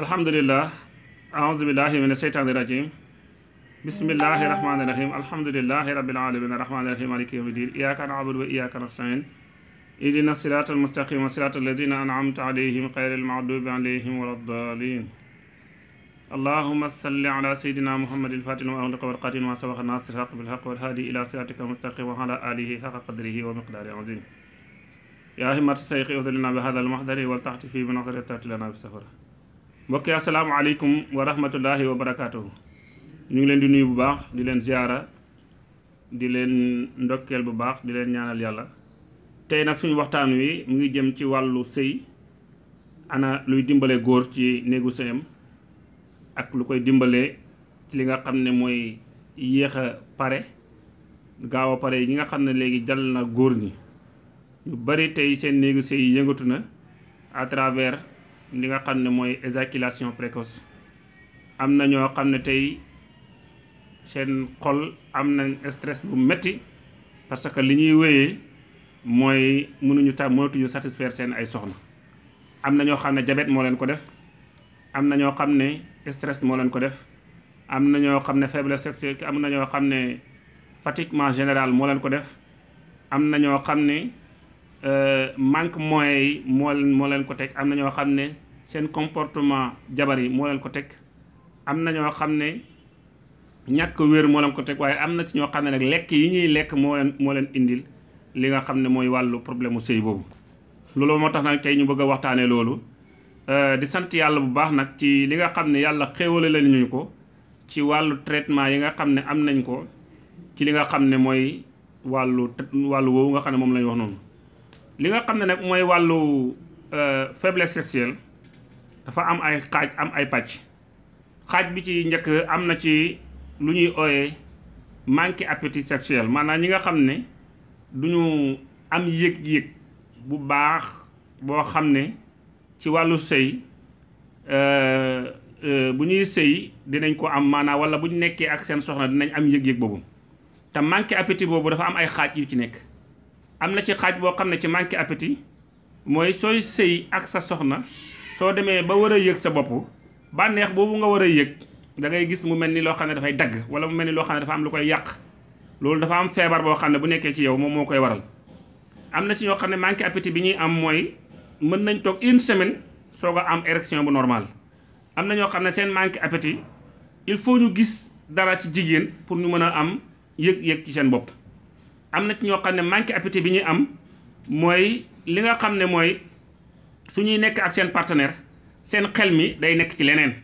alhamdulilah aousubillahi mina seytaani rajim bismillahi rahmaani rahim alhamdulilahi rabbil alamina rahmaani rahim maliki yawmi din iyyaka na'budu wa iyyaka nasta'in ihdina sirata almustaqima sirata alladina an'amta alayhim xayri almaghdubi alayhim wala ddalin allahuma salli ala sayidina muhammadin fatin wa ahli qabal qatin ma sabaqa nasir haq bil haq wal hadi ila siratika almustaqim wa ala alihi haqa qadrihi wa miqdari azim yaa himmata sayqi udlina bi hada almahdari wal taxti fi bi naxdari tati lana bi safara mbokk yi asalaamaaleykum wa rahmatullahi wa barakaatuhu ñu ngi leen di nuyu bu baax di leen ziyaara di leen ndokkeel bu baax di leen ñaanal yàlla tey nag suñu waxtaan wi mu ngi jëm ci wàllu sëy ana luy dimbale góor ci néegu sëyam ak lu koy dimbalee ci li nga xam ne mooy yéex a pare gaaw a pare yi nga xam ne léegi jàll na góor ñi ñu bari tey seen néegu sëy yëngatu na à travers li nga xam ne mooy éjaculation précoce am na ñoo xam ne tey seen xol am na stress bu metti parce que li ñuy wéyee mooy mënuñu ta mënatuñu satisfaire seen ay soxna am na ñoo xam ne jabet moo leen ko def am na ñoo xam ne stress moo leen ko def am na ñoo xam ne faiblesse sexuelle am na ñoo xam ne fatiguement général moo leen ko def am na ñoo xam ne euh, manque moyens moo moo leen ko teg am na ñoo xam ne seen comportement jabar yi moo leen ko teg am na ñoo xam ne ñàkk wér moo leen ko teg waaye am na ci ñoo xam ne nag lekk yi ñuy lekk moo leen moo leen indil li nga xam ne mooy wàllu problème mu sëy boobu. loolu moo tax nag tey ñu bëgg a waxtaanee loolu euh, di sant yàlla bu baax nag ci li nga xam ne yàlla xéewale la ñu ko ci wàllu traitement yi nga xam ne am nañ ko ci li nga xam ne mooy wàllu wàllu woowu nga xam ne moom la wax noonu. li nga xam ne nag mooy wàllu euh, faiblesse sexuelle. dafa am ay xaaj am ay pàcc xaaj bi ci njëkk am na ci lu ñuy ooyee manque appétit sexuel maanaam ñi nga xam ne duñu am yëg-yëg bu baax boo xam ne ci wàllu sëy euh, euh, bu ñuy sëy dinañ ko am maanaam wala bu ñu nekkee ak seen soxna dinañ am yëg-yëg boobu te manque appétit boobu dafa am ay xaaj yu ci nekk am na ci xaaj boo xam ne ci manque appétit mooy sooy sëy ak sa soxna soo demee ba war a yëg sa bopp bànneex boobu nga war a yëg da ngay gis mu mel ni loo xam ne dafay dagg wala mu mel ni loo xam ne dafa am lu koy yàq loolu dafa am feebar boo xam ne bu nekkee ci yow moom moo koy waral am na ci ñoo xam ne manque appétit bi ñuy am mooy mën nañ toog une semaine soog a am érection bu normal am na ñoo xam ne seen manque appétit il faut ñu gis dara ci jigéen pour ñu mën a am yëg-yëg ci seen bopp am na ci ñoo xam ne manque appétit bi ñuy am mooy li nga xam ne mooy su ñuy nekk ak seen partenaire seen xel mi day nekk ci leneen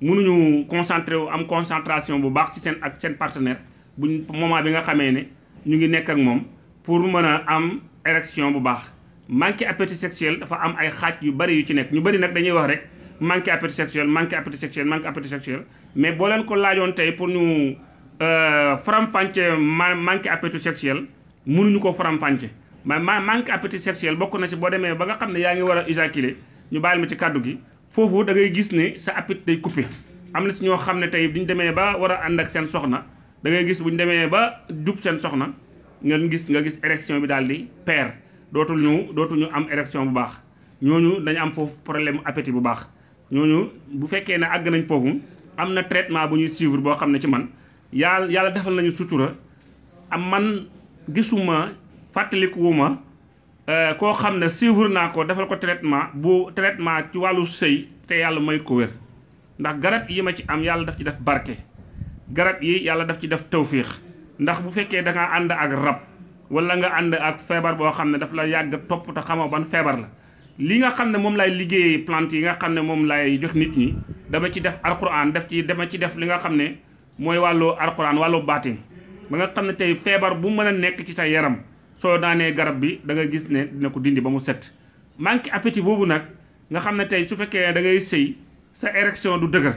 mënuñu concentré wu am concentration bu baax ci seen ak seen partenaire buñ moment bi nga xamee ne ñu ngi nekk ak moom pour mën a am érection bu baax manque appétit sexuel dafa am ay xaaj yu bari yu ci nekk ñu bari nag dañuy wax rek manque appétit sexuel manque appétit sexuel manque mais boo leen ko laajoon tey pour ñu euh, faram-fàcce manque appétit sexuel mënuñu ko faram-fàcce ma ma manque appétit sexuel bokk na ci boo demee ba nga xam ne yaa ngi war a éjaculer ñu baal ma ci kàddu gi foofu dangay gis ne sa appétit day coupé am na si ñoo xam ne tey bu ñu demee ba war a ànd ak seen soxna da ngay gis bu ñu demee ba jub seen soxna ngeen gis nga gis érection bi daal di peer dootul ñu dootuñu am érection bu baax ñooñu dañu am foofu problème appétit bu baax ñooñu bu fekkee ne àgg nañ foofu am na traitement bu ñuy suivre boo xam ne ci man yàlla yàlla defal nañu sutura am man gisuma fàttalikuwuma euh, koo xam ne suivre naa ko defal ko traitement bu traitement ci wàllu sëy te yàlla mooy ko wér ndax garab yi ma ci am yàlla daf ci def barke garab yi yàlla daf ci def tawfiix ndax bu fekkee da ngaa ànd ak rab wala nga ànd ak feebar boo xam ne daf la yàgg topp te xamoo ban feebar la li nga xam ne moom lay liggéeye plante yi nga xam ne moom lay jox nit ñi dama ci def alquran def ci dama ci def li nga xam ne mooy wàllu alquran wàllu baatin ba nga xam ne tey feebar bu mën a nekk ci sa yaram soo daanee garab bi da nga gis ne dina ko dindi ba mu set manque appétit boobu nag nga xam ne tey su fekkee da ngay sëy sa érection du dëgër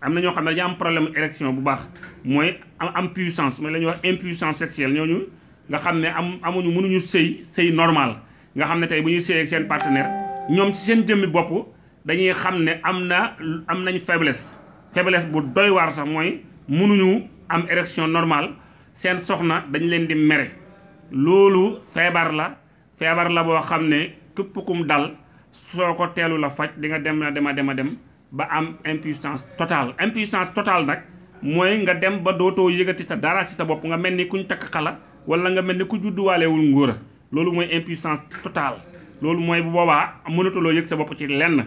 am na ñoo xam ne dañu am problème érection bu baax mooy am am puissance mooy la ñuy wax impuissance sexuelle ñooñu nga xam ne am amuñu mënuñu sëy sëy normal nga xam ne tey bu ñuy sëy ak seen partenaire ñoom ci seen jëmmi bopp dañuy xam ne am na am nañ faiblesse faiblesse bu doy waar sax mooy mënuñu am érection normale seen soxna dañ leen di mere loolu feebar la feebar la boo xam ne képp kum dal soo ko teelu la faj di nga dem na dema dema dem ba am impuissance totale impuissance totale nag mooy nga dem ba dootoo yëgati sa dara si sa bopp nga mel ni kuñ takk xala wala nga mel ni ku judduwaalewul ngóora loolu mooy impuissance totale loolu mooy bu boobaa mënatuloo yëg sa bopp ci lenn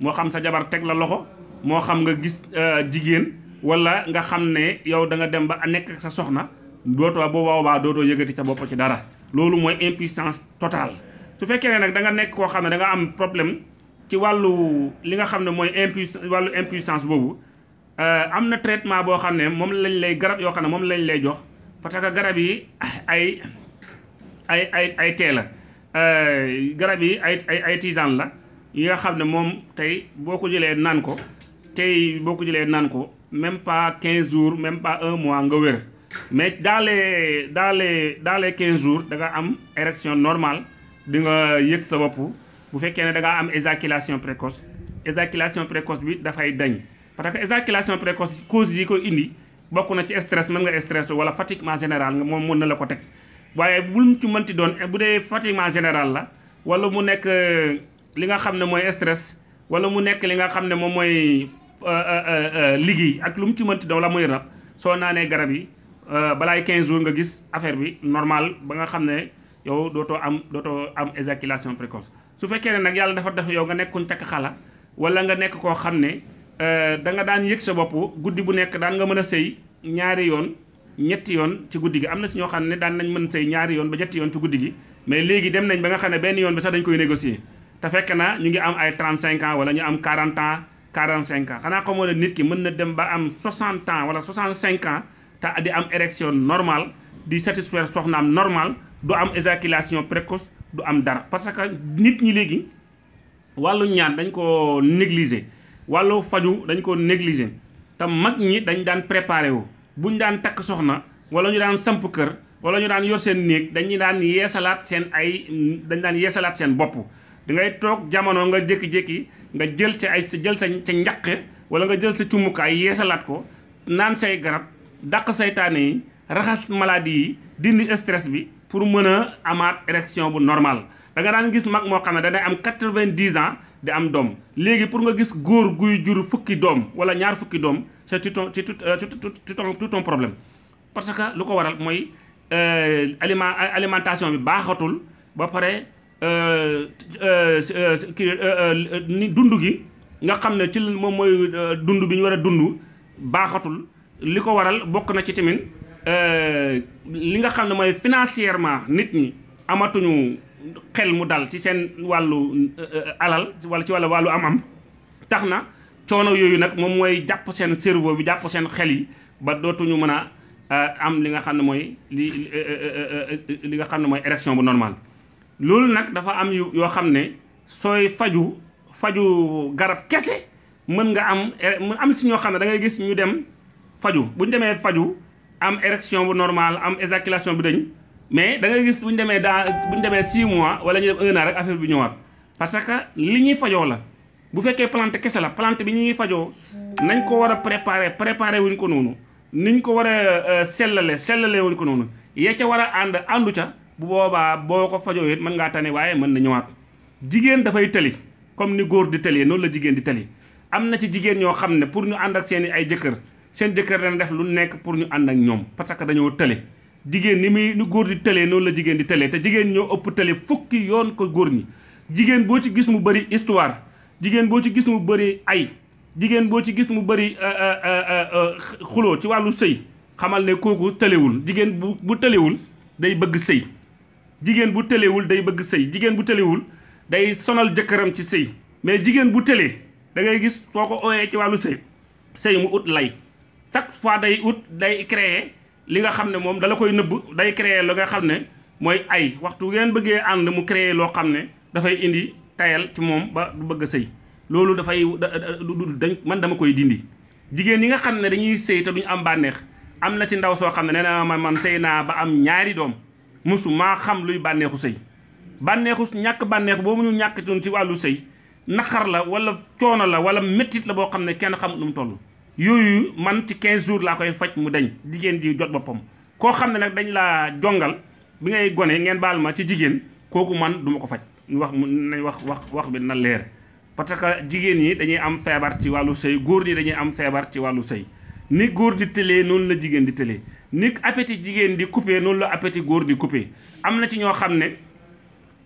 moo xam sa jabar teg la loxo moo xam nga gis euh, jigéen walla nga xam ne yow da nga dem ba nekk sa soxna dootoo bu boobaa dootoo yëgati sa bopp ci dara loolu mooy impuissance totale su fekkee ne nag da nga nekk koo xam ne danga am problème ci wàllu li nga xam ne mooy impuiss wàllu impuissance boobu euh, am na traitement boo xam ne moom lañ lay garab yoo xam ne moom lañ lay jox parce que garab yi ay ay ay ay tee la euh, garab yi ay ay ay tisane la yi nga xam ne moom tey boo ko jëlee naan ko tey boo ko jëlee naan ko même pas quinze jours même pas un mois nga wér mais daale daale dans les dans quinze jours da nga am érection normale di nga yëg sa bopp bu fekkee ne da ngaa am éjaculation précoce éjaculation précoce bi dafay dañ parce que éjaculation précoce cose yi koy indi bokk na ci stress mën nga stress wala fatiguement général nga moom mën na la ko teg waaye bul ci mënti doon bu dee fatiguement général la wala mu nekk euh, li nga xam ne mooy stress wala mu nekk li nga xam ne moom mooy euh, euh, liggéey ak lu mu ci mënti doon la muy rab soo naanee garab yi Euh, balaay 15 jours nga gis affaire bi normal ba nga xam ne yow dootoo am dootoo am éjaculation précoce su fekkee ne nag yàlla dafa def yow nga nekkuñ takk xala wala nga nekk koo xam ne euh, da nga daan yëg sa bopp guddi bu nekk daan nga mën a sëy ñaari yoon ñetti yoon ci guddi gi am na si ñoo xam ne daan nañ mën sëy ñaari yoon ba ñetti yoon ci guddi gi mais léegi dem nañ ba nga xam ne benn yoon bi sax dañ koy négocier te fekk na ñu ngi am ay 35 ans wala ñu am 40 ans 45 ans xanaa xamoo ne nit ki mën na dem ba am 60 wala 65 ans te di am érection normale di satisfaire soxnaam normal du am éjaculation précoce du am dara parce que nit ñi léegi wàllu ñaan dañ ko négliger wàllu faju dañ ko négliger te mag ñi dañ daan préparé wu ñu daan takk soxna wala ñu daan samp kër wala ñu daan yor seen néeg dañu daan yeesalaat seen ay dañ daan yeesalaat seen bopp da ngay toog jamono nga jékki-jékki nga jël sa ay jël sa sa njaq wala nga jël sa cumukaay yeesalaat ko naan say garab dàq saytaane yi raxas maladie yi dindi stress bi pour mën a amaat érection bu normal da nga daan gis mag moo xam ne danay am quatre-vingt-dix ans di am doom léegi pour nga gis góor guy jur fukki doom wala ñaar fukki doom c'est tout c'est euh, tout un problème parce que lu ko waral mooy euh, aliment alimentation bi baaxatul ba pare euh, ni dund gi nga xam ne ci moom mooy dund bi ñu war a dund baaxatul li ko waral bokk na ci tamit euh, li nga xam ne mooy financièrement nit ñi amatuñu xel mu dal ci seen wàllu euh, alal wala ci wàllu wàllu am-am tax na coono yooyu nag moom mooy jàpp seen cerveau bi jàpp seen xel yi ba dootuñu mën a euh, am li nga xam ne mooy li li nga xam ne mooy érection bu normal loolu nag dafa am yu yoo xam ne sooy faju faju garab kese mën nga am er, mu am si ñoo xam ne da ngay gis ñu dem faju bu ñu demee faju am érection bu normale am éjaculation bi dañ mais da ngay gis bu ñu demee dans bu ñu demee 6 mois wala ñu dem 1 rek affaire bi ñëwaat parce que li ñuy fajoo la bu fekkee palante kese la palante bi ñu fajoo nañ ko war a préparer préparer wuñ ko noonu niñ ko war a euh, sellale sellale wuñ ko noonu ya ca war a ànd àndu ca bu boobaa boo ko fajoo it mën ngaa tane waaye mën na ñëwaat jigéen dafay tëli comme ni góor di tëlee noonu la jigéen di tëli am na ci jigéen ñoo xam ne pour ñu ànd ak seen i ay jëkkër seen jëkkër dana def lu nekk pour ñu ànd ak ñoom parce que dañoo tële jigéen ni muy ni góor di tëlee noonu la jigéen di tëlee te jigéen ñoo ëpp tële fukki yoon ko góor ñi jigéen boo ci gis mu bëri histoire jigéen boo ci gis mu bëri ay jigéen boo ci gis mu bëri euh, euh, euh, xuloo ci wàllu sëy xamal ne kooku tëlewul jigéen bu bu tëlewul day bëgg sëy jigéen bu tëlewul day bëgg sëy jigéen bu tëlewul day sonal jëkkëram ci sëy mais jigéen bu tëlee dangay gis soo ko ooyee ci wàllu sëy sëy mu ut lay chaque fois day ut day créer li nga xam ne moom dala koy nëbb day créer li nga xam ne mooy ay waxtu ngeen bëggee ànd mu créer loo xam ne dafay indi tayal ci moom ba du bëgg a sëy loolu dafay du dañ man dama koy dindi jigéen yi nga xam ne dañuy sëy te duñu am bànneex am na ci ndaw soo xam ne ne na ma man sëy naa ba am ñaari doom mosu maa xam luy bànneexu sëy bànneexu ñàkk bànneex boobu ñu ñàkkitoon ci wàllu sëy naqar la wala coono la wala méttit la boo xam ne kenn xamut lu mu toll yooyu man ci 15 jours laa koy faj mu dañ jigéen ji jot boppam koo xam ne nag dañ laa jongal bi ngay gone ngeen baal ma ci jigéen kooku man duma ko faj ñu wax mu nañ wax wax wax bi na leer parce que jigéen ñi dañuy am feebar ci wàllu sëy góor ñi dañuy am feebar ci wàllu sëy ni góor di tëlee noonu la jigéen di tëlee ni appétit jigéen di coupé noonu la appétit góor di coupé am na ci ñoo xam ne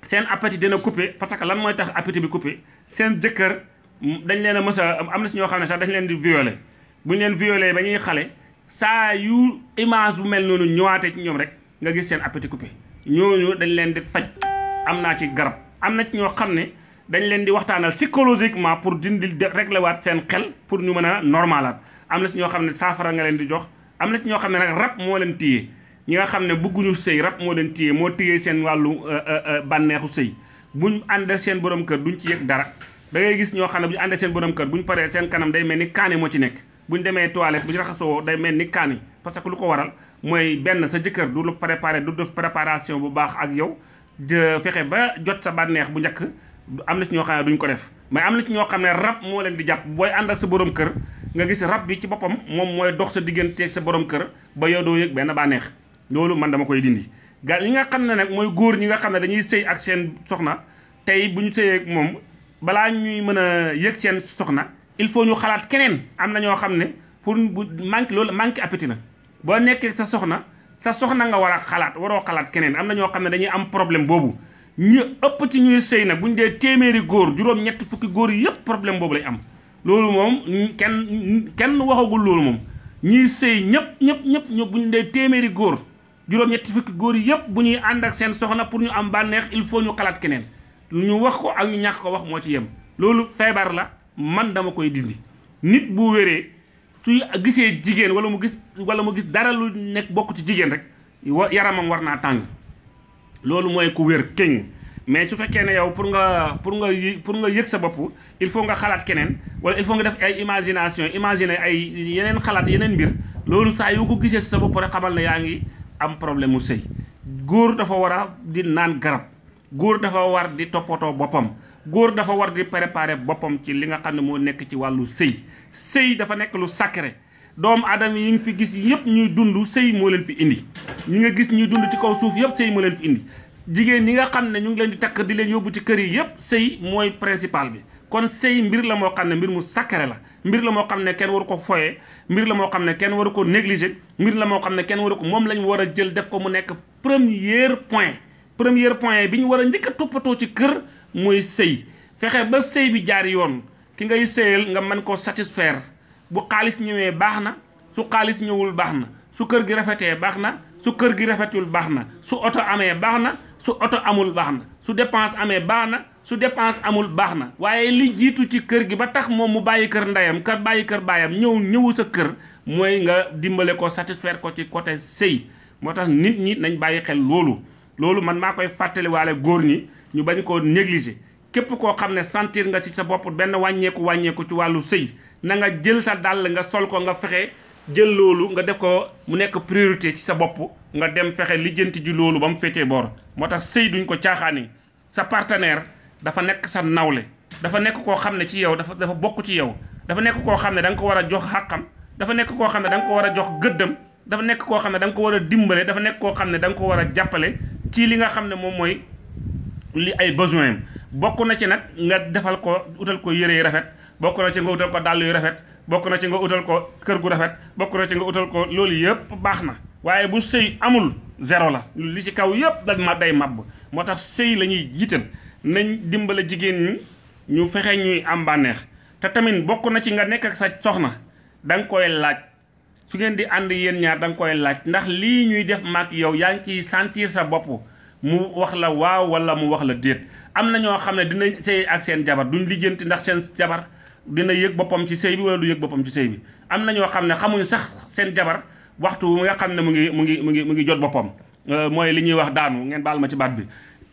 seen appétit dina coupé parce que lan mooy tax appétit bi coupé seen jëkkër dañ leen a mës am na ci ñoo xam ne sax dañ leen di violé buñ leen violé ba ñuy xale saa yu image bu mel noonu ñëwaatee ci ñoom rek nga gis seen appétit coupé ñooñu dañ leen di faj am naa ci garab am na ci ñoo xam ne dañ leen di waxtaanal psychologiquement pour dindil régler waat seen xel pour ñu mën a normalaat am na ci ñoo xam ne saafara nga leen di jox am na ci ñoo xam ne nag rab moo leen téye ñi nga xam ne bëgguñu sëy rab moo leen téye moo téye seen wàllu euh, euh, euh, bànneexu sëy buñ ànd seen borom kër duñ ci yëg dara da ngay gis ñoo xam ne bu ñu ànd seen borom kër ñu paree seen kanam day mel ni kaane moo ci nekk bu ñu demee toilette bu ñu raxasoo day mel ni kaani parce que lu ko waral mooy benn sa jëkkër du lu préparé du def préparation bu baax ak yow de fexe ba jot sa bànneex bu njëkk am na si ñoo xam ne duñ ko def mais am na ci ñoo xam ne rab moo leen di jàpp booy ànd ak sa borom kër nga gis rab bi ci boppam moom mooy dox sa digganteeg sa borom kër ba yow doo yëg benn bànneex loolu man dama koy dindi. ga ñi nga xam ne nag mooy góor ñi nga xam ne dañuy sëy ak seen soxna tey bu ñu sëyee moom balaa ñuy mën a yëg seen soxna. il faut ñu xalaat keneen am na ñoo xam ne pour bu manque loolu manque appétit na boo nekkee sa soxna sa soxna nga war a xalaat waroo xalaat keneen am na ñoo xam ne dañuy am problème boobu ñu ëpp ci ñuy sëy nag buñ dee téeméeri góor juróom fukki góor yëpp problème boobu am loolu moom kenn kenn waxagul loolu moom ñiy sëy ñëpp ñëpp ñëpp dee téeméeri góor juróom ñetti fukki góor yëpp bu ñuy ànd ak seen soxna pour ñu am bànneex il faut ñu xalaat keneen ñu wax ko ak ñu ñàkk ko wax moo ci yem loolu feebar la man dama koy dindi nit bu wéree suy gisee jigéen wala mu gis wala mu gis dara lu nekk bokk ci jigéen rek yaramam war naa tàng loolu mooy ku wér kéŋ mais su fekkee ne yow pour nga pour nga pour nga yëg sa bopp il faut nga xalaat keneen wala il faut nga def ay imagination imaginer ay yeneen xalaat yeneen mbir loolu saa yoo ko gisee sa bopp rek xamal na yaa ngi am problème mu sëy góor dafa war a di naan garab góor dafa war di toppatoo boppam góor dafa war di préparer boppam ci li nga xam ne moo nekk ci wàllu sëy sëy dafa nekk lu sacré doomu aadama yi nga fi gis yëpp ñuy dund sëy moo leen fi indi ñu nga gis ñuy dund ci kaw suuf yëpp sëy moo leen indi jigéen ñi nga xam ne ñu ngi leen di takk di leen yóbbu ci kër yi yëpp sëy mooy principal bi kon sëy mbir la moo xam ne mbir mu sacré la mbir la moo xam ne kenn waru ko foye mbir la moo xam ne kenn waru ko négliger mbir la moo xam ne kenn waru ko moom lañ war a jël def ko mu nekk premier point premier point bi ñu war a toppatoo ci kër mooy sëy fexe ba sëy bi jaar yoon ki ngay sëyal nga man koo satisfaire bu xaalis ñëwee baax na su xaalis ñëwul baax na su kër gi rafetee baax na su kër gi rafetul baax na su oto amee baax na su oto amul baax na su dépense amee baax na su dépense amul baax na waaye li jiitu ci kër gi ba tax moom mu bàyyi kër ndeyam ka bàyyi kër baayam ñëw ñëwu sa kër mooy nga dimbale ko satisfaire ko ci côté sëy moo tax nit ñi nañ bàyyi xel loolu loolu man maa koy fàttaliwaale góor ñi ñu bañ koo négliger képp koo xam ne sentir nga ci sa bopp benn wàññeeku wàññeeku ci wàllu sëy na nga jël sa dàll nga sol ko nga fexe jël loolu nga def ko mu nekk priorité ci sa bopp nga dem fexe lijjanti ji loolu ba mu féetee boor moo tax sëy duñ ko caaxaani sa partenaire dafa nekk sa nawle dafa nekk koo xam ne ci yow dafa dafa bokk ci yow dafa nekk koo xam ne da nga ko war a jox xàqam dafa nekk koo xam ne da nga ko war a jox gëddam dafa nekk koo xam ne da nga ko war a dimbale dafa nekk koo xam ne da nga ko war a jàppale ci li nga xam ne moom mooy li ay besoin bokk na ci nag nga defal ko utal ko yére yu rafet bokk na ci nga utal ko dàll yu rafet bokk na ci nga utal ko kër gu rafet bokk na ci nga utal ko loolu yëpp baax na waaye bu sëy amul zéro la li ci kaw yëpp dañ ma day mabb moo tax sëy la ñuy jiital nañ dimbale jigéen ñi ñu fexe ñuy am bànneex te tamit bokk na ci nga nekk ak sa soxna da nga koy laaj su ngeen di ànd yéen ñaar da nga koy laaj ndax lii ñuy def mag yow yaa ngi ciy sentir sa bopp mu wax la waaw walla mu wax la déet am na ñoo xam ne dina sëy ak seen jabar duñ lijjanti ndax seen jabar dina yëg boppam ci sëy bi wala yëg boppam ci sëy bi am na ñoo xam ne xamuñ sax seen jabar waxtu mu nga xam ne mu ngi mu ngi mu ngi mu ngi jot boppam euh, mooy li ñuy wax daanu ngeen baal ma ci baat bi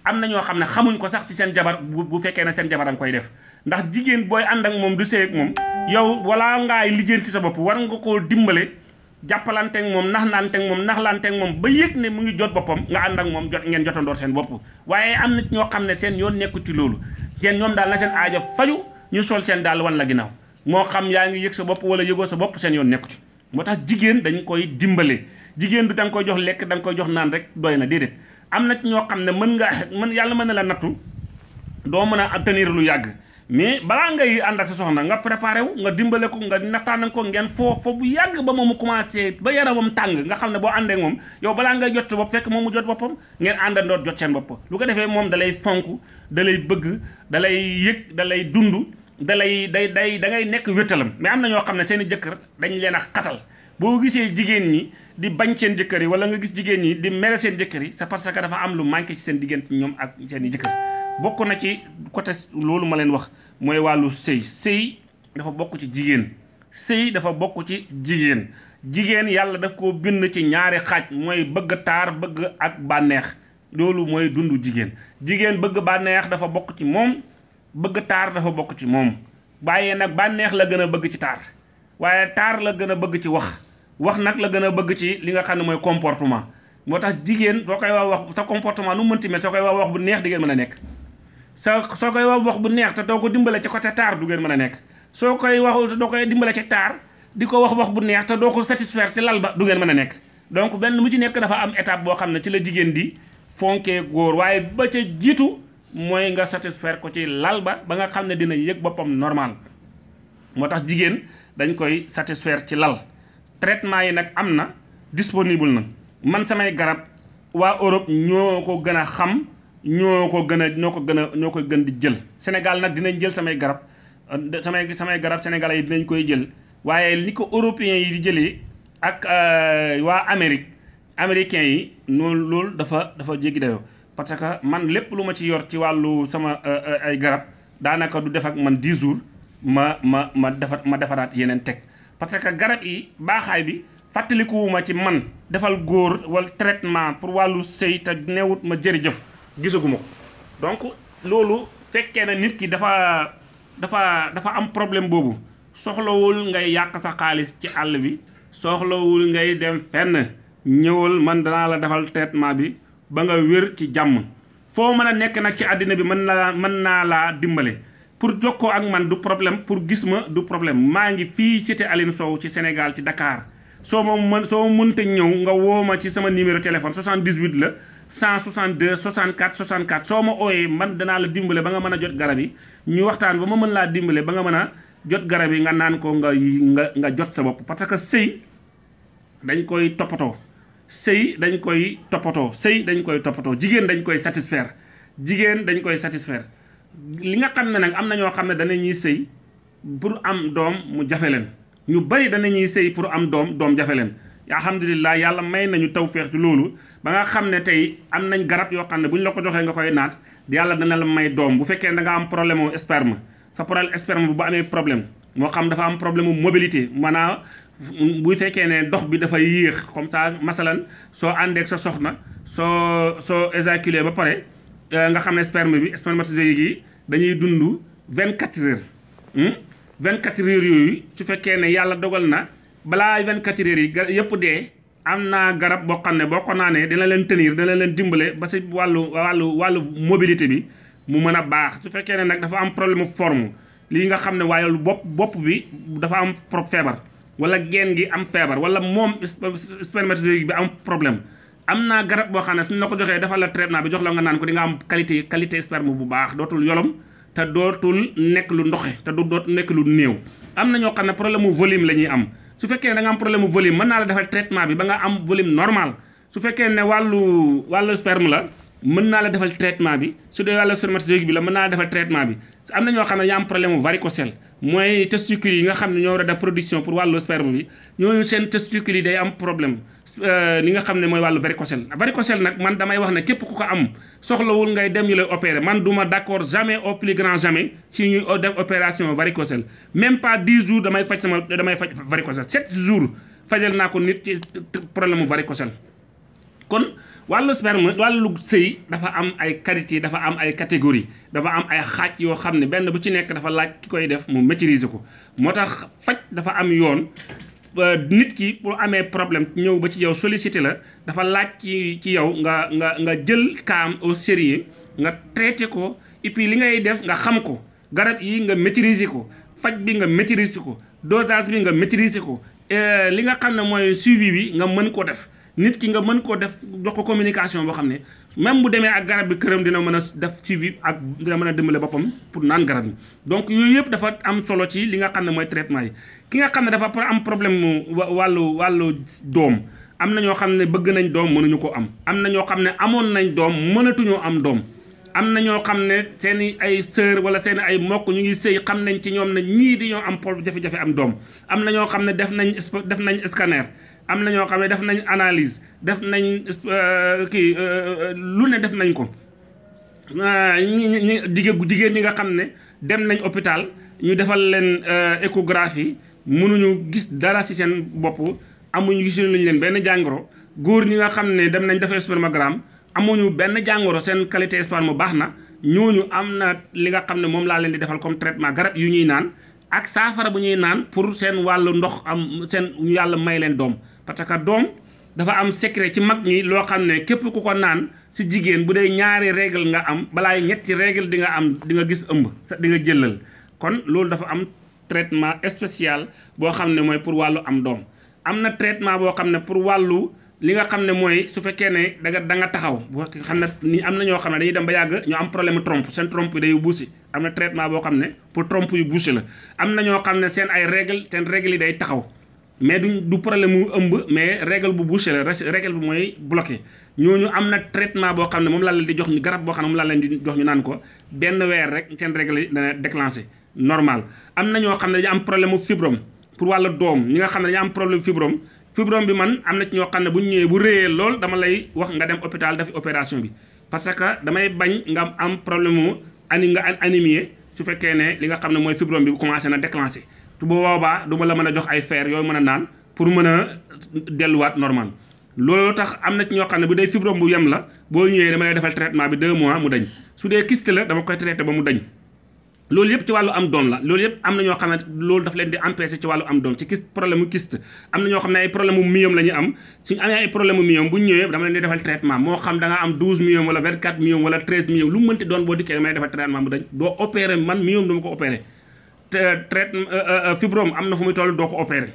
am na ñoo xam ne xamuñ ko sax si seen jabar bu bu fekkee ne seen jabar danga koy def ndax jigéen booy ànd ak moom du sëy moom yow wala ngaay lijjanti sa bopp war nga koo dimbale jàppalanteeg moom nax naxlanteeg moom lanteek moom ba yëg ne mu ngi jot boppam nga ànd ak moom jot ngeen jotandoor seen bopp waaye am na ñoo xam ne seen yoon nekku ci loolu seen ñoom daal na seen aajo faju ñu sol seen daal wan la ginnaaw moo xam yaa ngi yëg sa bopp wala yëgoo sa bopp seen yoon nekku ci moo tax jigéen dañ koy dimbale jigéen du da nga jox lekk da nga koy jox naan rek doy na déedéet am na ñoo xam ne mën nga mën yàlla mën na la nattu doo mën a tenir lu yàgg mais balaa ngay ànd ak sa soxna nga préparé wu nga dimbale ko nga nattaan ko ngeen foo foo bu yàgg ba moom mu commencé ba yaramam tàng nga xam ne boo àndee moom yow balaa ngay jot sa bopp fekk moom mu jot boppam ngeen àndandoot jot seen bopp lu ko defee moom dalay fonk dalay bëgg dalay yëg dalay dund dalay day day da ngay nekk wéttalam mais am na ñoo xam ne seen i jëkkër dañ leen a xatal boo gisee jigéen ñi di bañ seen jëkkër yi wala nga gis jigéen ñi di mere seen jëkkër yi parce que dafa am manqué ci seen diggante ñoom ak seen i jëkkër bokk na ci côté loolu ma leen wax mooy wàllu sëy sëy dafa bokk ci jigéen sëy dafa bokk ci jigéen jigéen yàlla daf ko bind ci ñaari xaaj mooy bëgg taar bëgg ak bànneex loolu mooy dundu jigéen jigéen bëgg bànneex dafa bokk ci moom bëgg taar dafa bokk ci moom waaye nag bànneex la gën a bëgg ci taar waaye taar la gën a bëgg ci wax wax nag la gën a bëgg ci li nga xam ne mooy comportement moo tax jigéen soo koy wax wax sa comportement nu mënti mel soo koy bu neex di ngeen mën a nekk sa soo koy wax wax bu neex te doo ko dimbale ci côté taar du ngeen mën a nekk soo koy wax doo koy dimbale ci taar di ko wax wax bu neex te doo ko satisfaire ci lal ba du ngeen mën a nekk donc benn mu ci nekk dafa am étape boo xam ne ci la jigéen di fonkee góor waaye ba ca jiitu mooy nga satisfaire ko ci lal ba ba nga xam ne dina yëg boppam normal moo tax jigéen dañ koy satisfaire ci lal traitement yi nag am na disponible na man samay garab waa Europe ñoo ko gën a xam ñoo ko gën a ñoo ko gën a ñoo ko gën di jël Sénégal nag dinañ jël samay garab euh, samay samay garab sénégal yi dinañ koy jël waaye li ko européens yi di jëlee ak euh, waa Amérique américains yi noonu loolu dafa dafa jéggi dayoo parce que man lépp lu ma ci yor ci wàllu sama euh, ay garab daanaka du def man 10 jours ma ma ma defar ma defaraat yeneen teg parce que garab yi baaxaay bi fàttalikuwuma ci man defal góor wala traitement pour wàllu sëy te newut ma jërëjëf gisaguma ko donc loolu fekkee na nit ki dafa dafa dafa am problème boobu soxlawul ngay yàq sa xaalis ci àll bi soxlawul ngay dem fenn ñëwal man danaa la defal traitement bi ba nga wér ci jàmm foo mën a nekk nag ci àddina bi mën naa mën naa laa dimbale pour jokkoo ak man du problème pour gis ma du problème maa ngi fii cité Aline Sow ci Sénégal ci dakaar soo ma mën soo mun mënta ñëw nga woo ma ci sama numéro téléphone 78 la 162 64 64 soo ma ooyee man danaa la dimbale ba nga mën a jot garab yi ñu waxtaan ba ma mën laa dimbale ba nga mën a jot garab yi nga naan ko nga nga nga jot sa bopp parce que sëy dañ koy toppatoo sëy dañ koy toppatoo sëy dañ koy toppatoo jigéen dañ koy satisfaire jigéen dañ koy satisfaire li nga xam ne nag am na ñoo xam ne dana ñuy sëy pour am doom mu jafe leen ñu bari dana ñuy sëy pour am doom doom jafe leen alhamdulilah yàlla may nañu taw feex ci loolu ba nga xam ne tey am nañ garab yoo xam ne bu ñu la ko joxee nga koy naat yàlla dana la may doom bu fekkee da nga am problème mu sperme sa problème sperme bu ba amee problème moo xam dafa am problème mu mobilité maanaam bu fekkee ne dox bi dafa yéex comme ça masalan soo àndeek sa soxna soo soo éjaculé ba pare euh, nga xam ne sperme bi spermatozoïdes yi dañuy dund vingt quatre heures hmm? vingt quatre heures yooyu su fekkee ne yàlla dogal na balaa 24 heures yi yëpp dee am naa garab boo xam ne boo ko naanee dina leen tenir dina leen dimbale ba si wàllu wàllu wàllu mobilité bi mu mën a baax su fekkee ne nag dafa am problème forme lii nga xam ne waaye bopp bopp bi dafa am feebar wala geen gi am feebar wala moom spermatozoïde bi am problème am naa garab boo xam ne suñ la ko joxee dafa la traitement bi jox la nga naan ko dinga nga am qualité qualité sperme bu baax dootul yolom te dootul nekk lu ndoxe te du dootul nekk lu néew am na ñoo xam ne problème mu volume la ñuy am su fekkee da nga am problème mu volume mën naa la defal traitement bi ba nga am volume normal su fekkee ne wàllu wàllu sperm la mën naa la defal traitement bi su dee wàllu dermatologie bi la mën naa la defal traitement bi am na ñoo xam ne ñoo am problème mu varicocèle mooy testicule yi nga xam ne ñoo war a def production pour wàllu sperme bi ñooñu seen testicule yi day am problème euh, li nga xam ne mooy wàllu varicocèle varicocèle nag man damay wax ne képp ku ko am soxlawul ngay dem ñu lay opérer man duma d'accord jamais au plus grand jamais ci ñuy def opération varicocèle même pas 10 jours damay faj sama damay faj varicocèle 7 jours fajal naa ko nit ci problème mu varicocèle kon wàllu sperme wàllu sëy dafa am ay quarité dafa am ay catégorie dafa am ay xaaj yoo xam ne benn bu ci nekk dafa laaj ki koy def mu maîtriser ko moo tax faj dafa am yoon nit ki pour amee problème ñëw ba ci yow sollicité la dafa laaj ci ci yow nga nga nga jël kaam au sérieux nga traité ko et li ngay def nga xam ko garab yi nga maîtriser ko faj bi nga maîtriser ko dosage bi nga maîtriser ko euh, li nga xam ne mooy suivi bi nga mën ko def nit ki nga mën koo def jox ko communication boo xam ne même bu demee ak garab bi këram dina mën a def suivi ak dina mën a dimbale boppam pour naan garab yi donc yooyu yëpp dafa am solo ci li nga xam ne mooy traitement yi ki nga xam ne dafa am problème mu wàllu wàllu doom am na ñoo xam ne bëgg nañ doom mënuñu ko am am na ñoo xam ne amoon nañ doom mënatuñoo am doom am na ñoo xam ne seeni ay sœur wala seen ay mbokk ñu ngi sëy xam nañ ci ñoom ne ñii di ñoo am jafe-jafe am doom am na ñoo xam ne def nañ def nañ scanner am na ñoo xam ne def nañ analyse def nañ euh, kii euh, euh, lu ne def nañ ko ñi ñi jigéen jigéen ñi nga xam ne dem nañ hôpital ñu defal leen échographie mënuñu gis dara ci seen bopp amuñu gis luñu leen benn jàngoro góor ñi nga xam ne dem nañ def spermogramme amuñu benn jàngoro seen qualité sperme mu baax na ñooñu am na li nga xam ne moom laa leen di defal comme traitement garab yu ñuy naan ak saafara bu ñuy naan pour seen wàllu ndox am seen yàlla may leen doom parce que doom dafa am secret ci mag ñi loo xam ne képp ku ko naan si jigéen bu dee ñaari règle nga am balaa ñetti règle dinga am di nga gis ëmb di nga jëlal kon loolu dafa am traitement spécial boo xam ne mooy pour wàllu am doom am na traitement boo xam ne pour wàllu li nga xam ne mooy su fekkee ne da danga da nga taxaw xam ne ni am na ñoo xam ne dañuy dem ba yàgg ñoo am problème trompe seen trompe yi day buusi am na traitement boo xam ne pour trompe yu buusi la am na ñoo xam ne seen ay règle seen day taxaw mais du du problème mu ëmb mais règle bu bouché la règle bi mooy bloqué ñooñu am na traitement boo xam ne moom laa leen di jox ñu garab boo xam ne moom laa leen di jox ñu naan ko benn weer rek seen règle dana déclenché normal am na ñoo xam ne dañu am problème mu fibrome pour wàllu doom ñi nga xam ne dañu am problème fibrome fibrome bi man am na ci ñoo xam ne bu ñëwee bu réyee lool dama lay wax nga dem hôpital dafi opération bi parce que damay bañ nga am problème mu ani nga anémie su fekkee ne li nga xam ne mooy fibrome bi commencé na déclenché tu bu boobaa du la mën a jox ay fer yooyu mën a naan pour mën a delluwaat normal loolu tax am na ci ñoo xam ne bu dee fibrome bu yem la boo ñëwee dama lay defal traitement bi 2 mois la dama koy traité ba mu dañ na ñoo xam ne loolu daf leen di empêcher ci wàllu am doom ci kyste problème mu kyste am na ñoo xam ne ay problème mu myome am suñu amee ay problème mu bu ñu dama leen di defal traitement moo xam da ngaa am 12 myome wala 24 myome wala 13 myome lu mënti doon boo dikkee dama defal traitement mu dañ doo traitement euh, euh, euh, fibrome am na fu muy toll doo ko opéré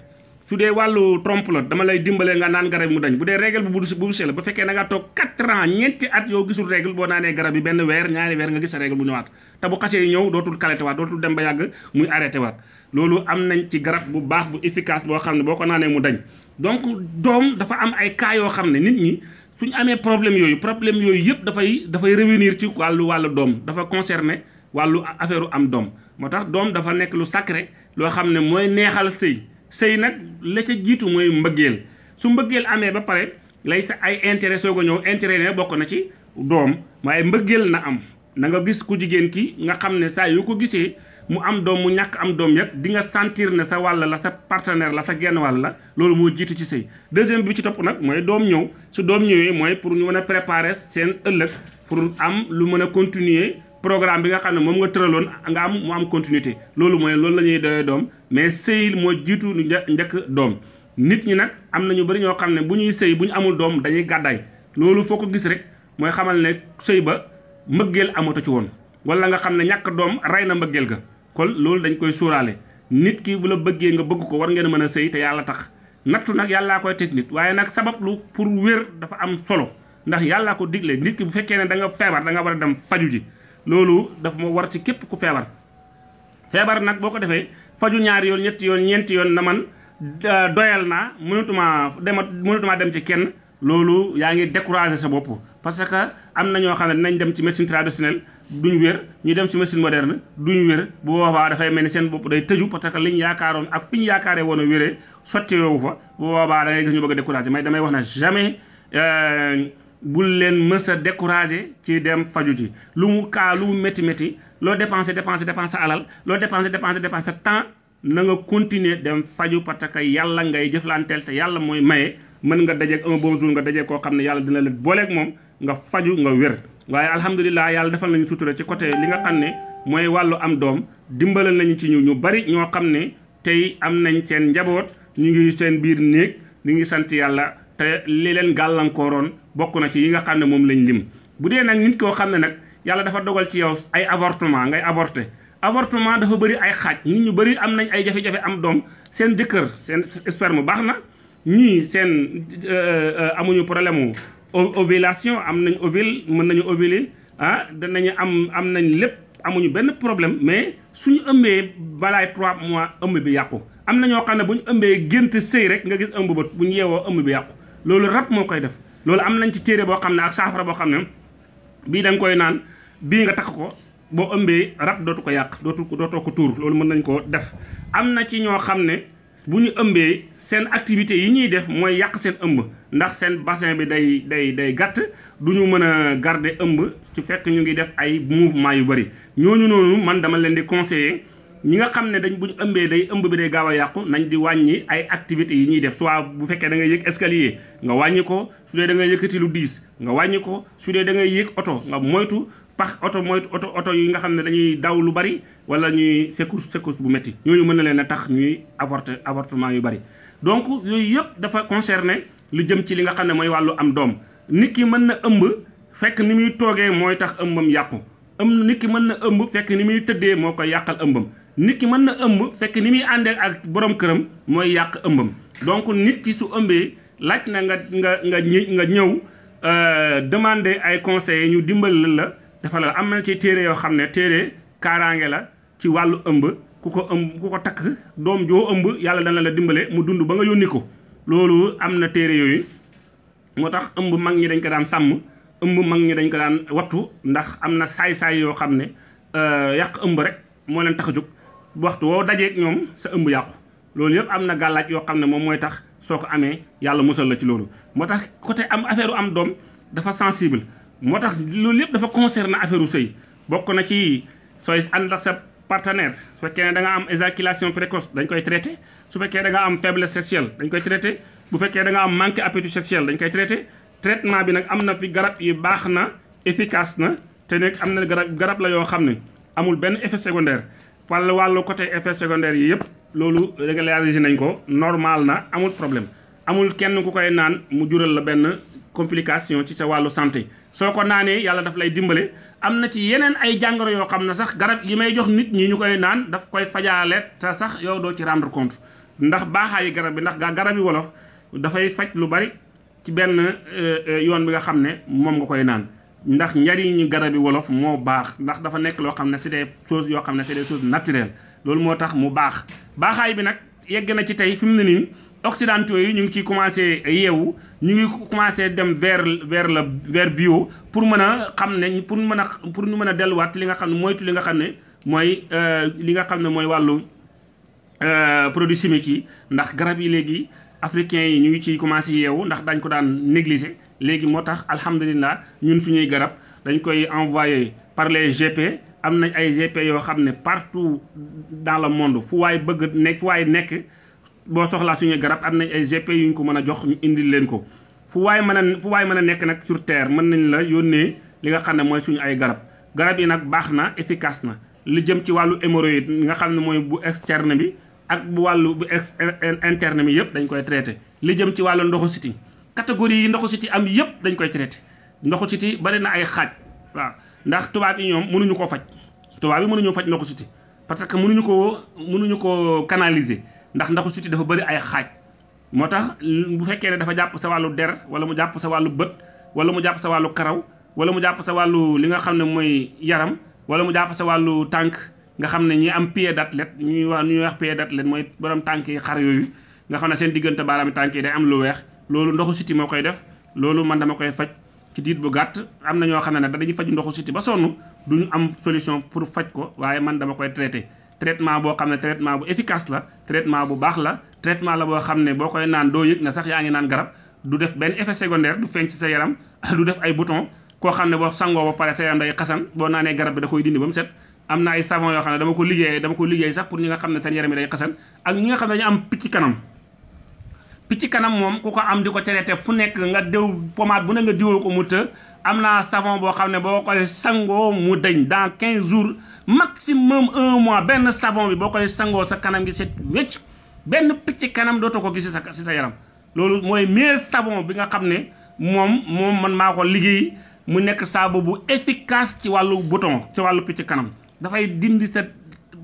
su dee wàllu trompe la dama lay dimbalee nga naan garab mu dañ bu dee règle bu bu bu la ba fekkee na nga toog 4 ans ñeenti at yow gisul règle boo naanee garab yi benn weer ñaari weer nga gis sa règle bu ñëwaat te bu xasee ñëw dootul kalete waat dootul dem ba yàgg muy arrêté waat loolu am nañ ci garab bu baax bu efficace boo xam ne boo ko naanee mu dañ donc doom dafa am ay cas yoo xam ne nit ñi suñu amee problème yooyu problème yooyu yëpp dafay dafay revenir ci wàllu wàllu doom dafa concerné wàllu affaire am doom moo tax doom dafa nekk lu sacré loo xam ne mooy neexal sëy sëy nag la ca jiitu mooy mbëggeel su mbëggeel amee ba pare lay sa ay intérêt soo ko ñëw intérêt ne bokk na ci doom waaye mbëggeel na am na nga gis ku jigéen ki nga xam ne saa yu ko gisee mu am doom mu ñàkk am doom yëpp di nga sentir ne sa wàll la sa partenaire la sa genn wàll la loolu moo jiitu ci sëy deuxième bi ci topp nag mooy doom ñëw su doom ñëwee mooy pour ñu mën a préparer seen ëllëg pour am lu mën a continuer programme bi nga xam ne moom nga tëraloon nga am mu am continuité loolu mooy loolu la ñuy doyee doom mais sëy moo jiitu njëkk doom nit ñi nag am na ñu bëri ñoo xam ne bu ñuy sëy bu ñu amul doom dañuy gàddaay loolu foo ko gis rek mooy xamal ne sëy ba mbëggeel amatu ci woon wala nga xam ne ñàkk doom rey na mbëggeel ga kon loolu dañ koy suuraale nit ki bu la bëggee nga bëgg ko war ngeen mën a sëy te yàlla tax nattu nag yàllaa koy teg nit waaye nag sabab lu pour wér dafa am solo ndax yàllaa ko digle nit bu fekkee ne da feebar da nga war a dem faju ji loolu daf ma war ci képp ku feebar feebar nag boo ko defee faju ñaari yoon ñetti yoon ñeenti yoon na man doyal naa mënatumaa dema mënatumaa dem ci kenn loolu yaa ngi découragé sa bopp parce que am na ñoo xam ne dinañ dem ci médecine traditionnelle duñ wér ñu dem ci médecine moderne duñ wér bu boobaa dafay mel ni seen bopp day tëju parce que liñ yaakaaroon ak fi ñu yaakaaree woon a wéree sotti yoowu fa bu boobaa da ngay gis ñu bëgg a découragé mais damay wax na jamais euh, bul leen mës a découragé ci dem faju ci lu mu kaa lu mu métti métti loo dépensé dépensé dépensé alal loo dépensé dépensé dépensé sa temps na nga continuer dem faju parce que yàlla ngay jëflanteel te yàlla mooy maye mën nga dajeeg un bon nga dajeeg ko xam ne yàlla dina la booleeg moom nga faju nga wér. waaye alhamdulilah yàlla defal nañu sutura ci côté li nga xam ne mooy wàllu am doom dimbalal nañu ci ñu ñu bari ñoo xam ne tey am nañ seen njaboot ñu ngi seen biir néeg ñu ngi sant yàlla. te li leen gàllankooroon bokk na ci yi nga xam ne moom lañ lim bu dee nag nit koo xam ne nag yàlla dafa dogal ci yow ay avortement ngay avorté avortement dafa bëri ay xaaj nit ñu bëri am nañ ay jafe am doom seen jëkkër seen sperme baax na ñii seen euh, euh, amuñu problème mu ovulation am nañ ovule mën nañu ovuler ah danañu am am nañ lépp amuñu benn problème mais suñu ëmbee balaay trois mois ëmb bi yàqu am na ñoo xam ne bu ñu ëmbee gént sëy rek nga gis ëmb ba bu ñu yeewoo ëmb bi yàqu loolu rab moo koy def loolu am nañ ci téere boo xam ne ak saafara boo xam ne bii dañ koy naan bii nga takk ko boo ëmbee rab dootu ko yàq dootu dootoo ko tuur loolu mën nañ koo def am na ci ñoo xam ne bu ñu ëmbee seen activité yi ñuy def mooy yàq seen ëmb ndax seen bassin bi day day day gàtt du ñu mën a garder ëmb su fekk ñu ngi def ay mouvement yu bari ñooñu noonu man dama leen di conseiller ñi nga xam ne dañ buñ ëmbee day ëmb bi day gaaw a yàqu nañ di wàññi ay activités yi ñuy def soit bu fekkee da ngay yëg escalier nga wàññi ko su dee da ngay yëkkati lu nga wàññi ko su dee da ngay yëg oto nga moytu pax oto moytu oto oto yi nga xam ne dañuy daw lu bari wala ñuy secousse secousse bu métti ñooñu mën na leen a tax ñuy avorté avortement yu bari donc yooyu yëpp dafa concerné lu jëm ci li nga xam ne mooy wàllu am doom nit ki mën na ëmb fekk ni muy toogee mooy tax ëmbam yàqu ëmb nit mën na ëmb fekk ni muy tëddee moo koy yàqal ëmbam nit ki mën na ëmb fekk ni muy àndee ak borom këram mooy yàq ëmbam donc nit ki su ëmbee laaj na nga nga nga nga ñëw euh, demande ay conseils ñu dimbal la dafa la am na ci téere yoo xam ne téere kaaraange la ci wàllu ëmb ku ko ëmb ku ko takk doom joo ëmb yàlla dana la dimbale mu dund ba nga yónni ko loolu am na téere yooyu moo tax ëmb mag ñi dañ ko daan sàmm ëmb mag ñi dañ ko daan wattu ndax am na saay-saay yoo xam ne euh, yàq ëmb rek moo leen tax a jóg waxtu woo dajeeg ñoom sa ëmb yàqu loolu yëpp am na gàllaaj yoo xam ne moom mooy tax soo ko amee yàlla musal la ci loolu moo tax côté am affaire am doom dafa sensible moo tax loolu yëpp dafa concerne affaire u sëy bokk na ci sooy ànd ak sa partenaire su fekkee ne da am éjaculation précoce dañ koy traité su fekkee da nga am faiblesse sexuelle dañ koy traité bu fekkee da nga am manque appétit sexuel dañ koy traité traitement bi nag am na fi garab yi baax na efficace na te nekk am na garab garab la yoo xam ne amul benn effet secondaire walla wàllu côté effet secondaire yi yëpp loolu régularisé nañ ko normal na amul problème amul kenn ku koy naan mu jural la benn complication ci sa wàllu santé soo ko naanee yàlla daf lay dimbale am na ci yeneen ay jàngoro yoo xam ne sax garab yi may jox nit ñi ñu koy naan daf koy fajaale te sax yow doo ci rendre compte ndax baaxaayu garab bi ndax gaa garab yi wolof dafay faj lu bari ci benn euh, euh, yoon bi nga xam ne moom nga koy naan ndax njariñu garabi wolof moo baax ndax dafa nekk loo xam ne c'est des choses yoo xam ne c'est des choses naturelles loolu moo tax mu baax baaxaay bi nag yegg na ci tey fi mu ne nii occidentaux yi ñu ngi ciy commencé yeewu ñu ngi commencé dem vers vers la vers bio pour mën a xam ne pour mën a pour ñu mën a delluwaat li nga xam ne moytu li nga xam ne mooy euh, li nga xam ne mooy wàllu euh, produits chimiques yi ndax garab yi léegi africains yi ñu ngi ciy commencé yeewu ndax dañ ko daan négliger léegi moo tax alhamdulilah ñun suñuy garab dañ koy envoyé par les GP am nañ ay GP yoo xam ne partout dans le monde fu waay bëgg nekk fu waay nekk boo soxlaa suñuy garab am nañ ay GP yu ñu ko mën a jox indi leen ko fu waay mën a fu waay mën a nekk nag sur mën nañ la yónnee li nga xam ne mooy suñu ay garab garab yi nag baax na efficace na li jëm ci wàllu hémorroïde nga xam ne mooy bu externe bi ak bu wàllu bu ex interne bi yëpp dañ koy traité li jëm ci wàllu ndoxu siti catégorie yi ndoxu siti am yëpp dañ koy traité ndoxu siti bari na ay xaaj waaw ndax tubaab yi ñoom mënuñu koo faj tubaab yi mënuñoo faj ndoxu siti parce que mënuñu koo mënuñu koo canaliser ndax ndoxu siti dafa bëri ay xaaj moo tax bu fekkee ne dafa jàpp sa wàllu der wala mu jàpp sa wàllu bët wala mu jàpp sa wàllu karaw wala mu jàpp sa wàllu li nga xam ne mooy yaram wala mu jàpp sa wàllu tànk nga xam ne ñi am pied d'athlète ñuy wax ñuy wax pied d'athlète mooy borom tànk yi xar yooyu nga xam ne seen diggante baaraami tànk yi day am lu loolu ndoxu siti moo koy def loolu man dama koy faj ci diit bu gàtt am na ñoo xam ne nag dañuy faj ndoxu siti ba sonn duñu am solution pour faj ko waaye man dama koy traité traitement boo xam ne traitement bu efficace la bu baax la traitement la boo xam ne boo koy naan doo yëg ne sax yaa ngi naan garab du def benn effet secondaire du feeñ sa yaram du def ay bouton koo xam ne boo sangoo ba pare boo naanee garab bi da dindi ba mu am na ay savon yoo xam ne dama ko liggéey dama ko liggéey sax pour ñi nga xam ne seen yaram yi day xasan ak ñi nga xam ne dañu am picc kanam picc kanam moom ku ko am di ko traité fu nekk nga déw pomade bu ne nga diwoo ko mu të am naa savon boo xam ne boo koy sangoo mu dëñ dans quinze jours maximum un mois benn savon bi boo koy sangoo sa kanam gi set wécc benn picc kanam dootoo ko gis sa si sa yaram loolu mooy meilleur savon bi nga xam ne moom moom man maa ko liggéey mu nekk saabu bu efficace ci wàllu bouton ci wàllu picc kanam dafay dindi sa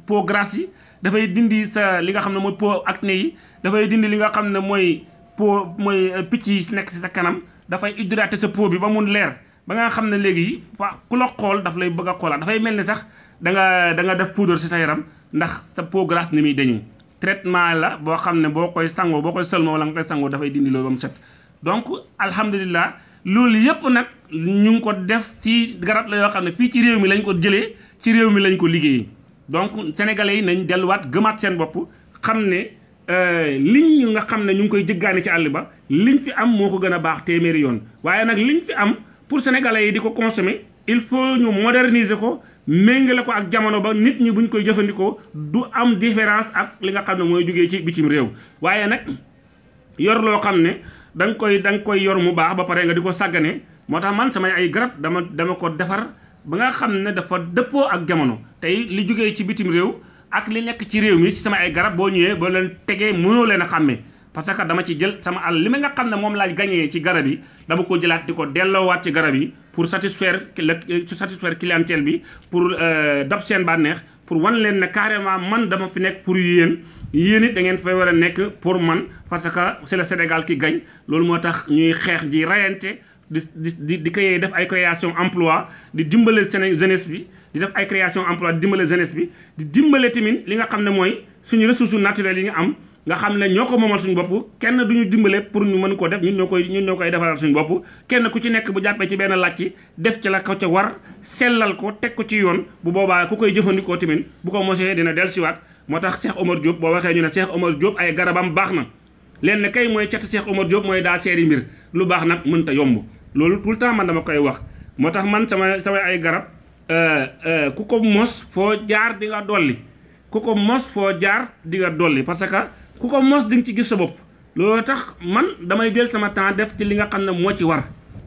peau grasse yi dafay dindi sa li nga xam ne mooy peau acné yi dafay dindi li nga xam ne mooy po mooy euh, picc yi nekk si sa kanam dafay hydrater sa po bi ba mu leer ba nga xam ne léegi ku la xool daf lay bëgg a xoolaat dafay mel ni sax da nga da nga def poudre si sa yaram ndax sa peau grasse ni muy dañu traitement la boo xam ne boo koy sangoo boo koy sëlmoo wala nga koy sangoo dafay dindi loolu ba mu set donc alhamdulilah loolu yëpp nag ñu ngi ko def ci garab la yoo xam ne fii ci réew mi lañ ko jëlee ci réew mi lañ ko liggéey donc sénégalais yi nañ delluwaat gëmaat seen bopp xam ne Euh, liñ nga xam ne ñu ngi koy jëggaane ci àll ba liñ fi am moo ko gën a baax téeméeri yoon waaye nag liñ fi am pour sénégalais yi di ko consommer il faut ñu moderniser ko méngale ko ak jamono ba nit ñi buñ koy jëfandikoo du am différence ak li nga xam ne mooy jógee ci bitim réew waaye nag yor loo xam ne danga koy danga koy yor mu baax ba pare nga di ko sàggane moo tax man samay ay garab dama dama ko defar ba nga xam ne dafa dëppoo ak jamono tey li jógee ci bitim réew ak li nekk ci réew mi si sama ay garab boo ñëwee boo leen tegee mënoo leen a xàmmee parce que dama ci jël sama àll li ma nga xam ne moom laaj gagné ci garab yi dama ko jëlaat di ko delloowaat ci garab yi pour satisfaire la euh, satisfaire clientèle bi pour euh, dab seen bànneex pour wan leen ne carrément man dama fi nekk pour yéen yéen it da ngeen fay war a nekk pour man parce que c'est Sénégal qui gañ loolu moo tax ñuy xeex ji rayante di di di di koy def ay création emploi di dimbale seen jeunesse bi di def ay création emploi di dimbale jeunesse bi di dimbale tamit li nga xam ne mooy suñu ressources naturelles yi nga am nga xam ne ñoo ko moomal suñu bopp kenn duñu dimbale pour ñu mën koo def ñun ñoo koy ñun ñoo koy defaral suñu bopp kenn ku ci nekk bu jàppee ci benn làcc def ci la ko ca war sellal ko teg ko ci yoon bu boobaa ku koy jëfandikoo tamit bu ko mosee dina siwaat moo tax Cheikh Omar Diop boo waxee ñu ne seex Omar Diop ay garabam baax na lenn kay mooy cat Cheikh Omar Diop mooy daa seeri mbir lu baax nag mënta yomb loolu tout le temps man dama koy wax tax man sama ay garab Eh, eh, ku ko mos foo jaar di nga dolli ku ko mos foo jaar di nga dolli parce que ku ko mos di ci gis sa bopp loolu tax man damay jël sama temps def ci li nga xam ne moo ci war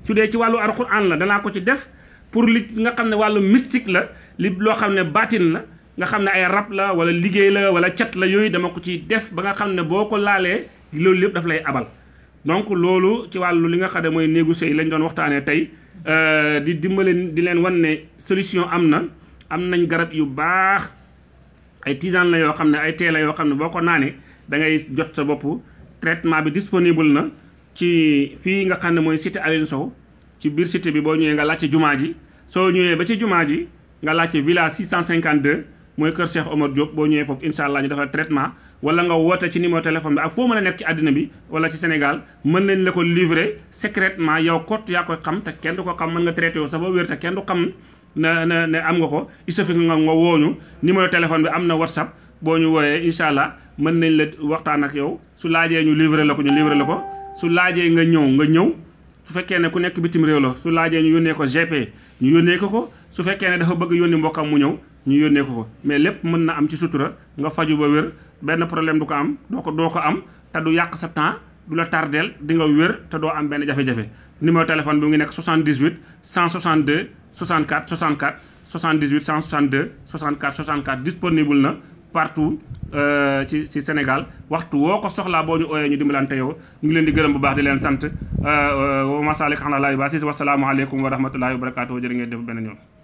su dee ci wàllu alxuraan la danaa ko ci def pour li nga xam ne wàllu mystique la li loo xam ne baatin la nga xam ne ay rab la wala liggéey la wala cat la yooyu dama ko ci def ba nga xam ne boo ko laalee loolu lépp daf lay abal donc loolu ci wàllu li nga xam ne mooy néegu sëy lañ doon waxtaanee tey Euh, di dimbale di leen wan ne solution am na am nañ garab yu baax ay tisane la yoo xam ne ay tee la yoo xam ne boo ko naanee da ngay jot sa bopp traitement bi disponible na ci fii nga xam ne mooy cité Aline Sow ci biir cité bi boo ñëwee nga laajte jumaa ji soo ñëwee ba ci jumaa ji nga laajte village 652. mooy kër Cheikh Omar Diop boo ñëwee foofu incha allah ñu defal traitement wala nga woote ci numéro téléphone bi ak foo mën a nekk ci àddina bi wala ci Sénégal mën nañ la ko livrer secrètement yow kott yaa koy xam te kenn du ko xam mën nga traité yow sa boo wér te kenn du xam na ne am nga ko il suffit nga nga wooñu numéro téléphone bi am na WhatsApp boo ñu wooyee incha allah mën nañ la waxtaan ak yow su laajee ñu livrer la ko ñu livrer la ko su laajee nga ñëw nga ñëw su fekkee ne ku nekk bitim réew la su laajee ñu yónnee ko GP ñu yónnee ko ko su fekkee ne dafa bëgg yónni mbokkam mu ñëw ñu yónnee ko fa mais lépp mën na am ci sutura nga faju ba wér benn problème du ko am doo ko doo ko am te du yàq sa temps du la tardeel di nga wér te doo am benn jafe-jafe numéro téléphone bi mu ngi nekk 78 162 64 64 78 162 64 64 disponible na partout euh, ci ci Sénégal waxtu woo ko soxlaa boo ñu ooyee ñu dimbalante yow ñu ngi leen di gërëm bu baax di leen sant euh, euh, wa masalik ala laay baasis wasalaamualeykum wa rahmatullahi wa barakaatu jërë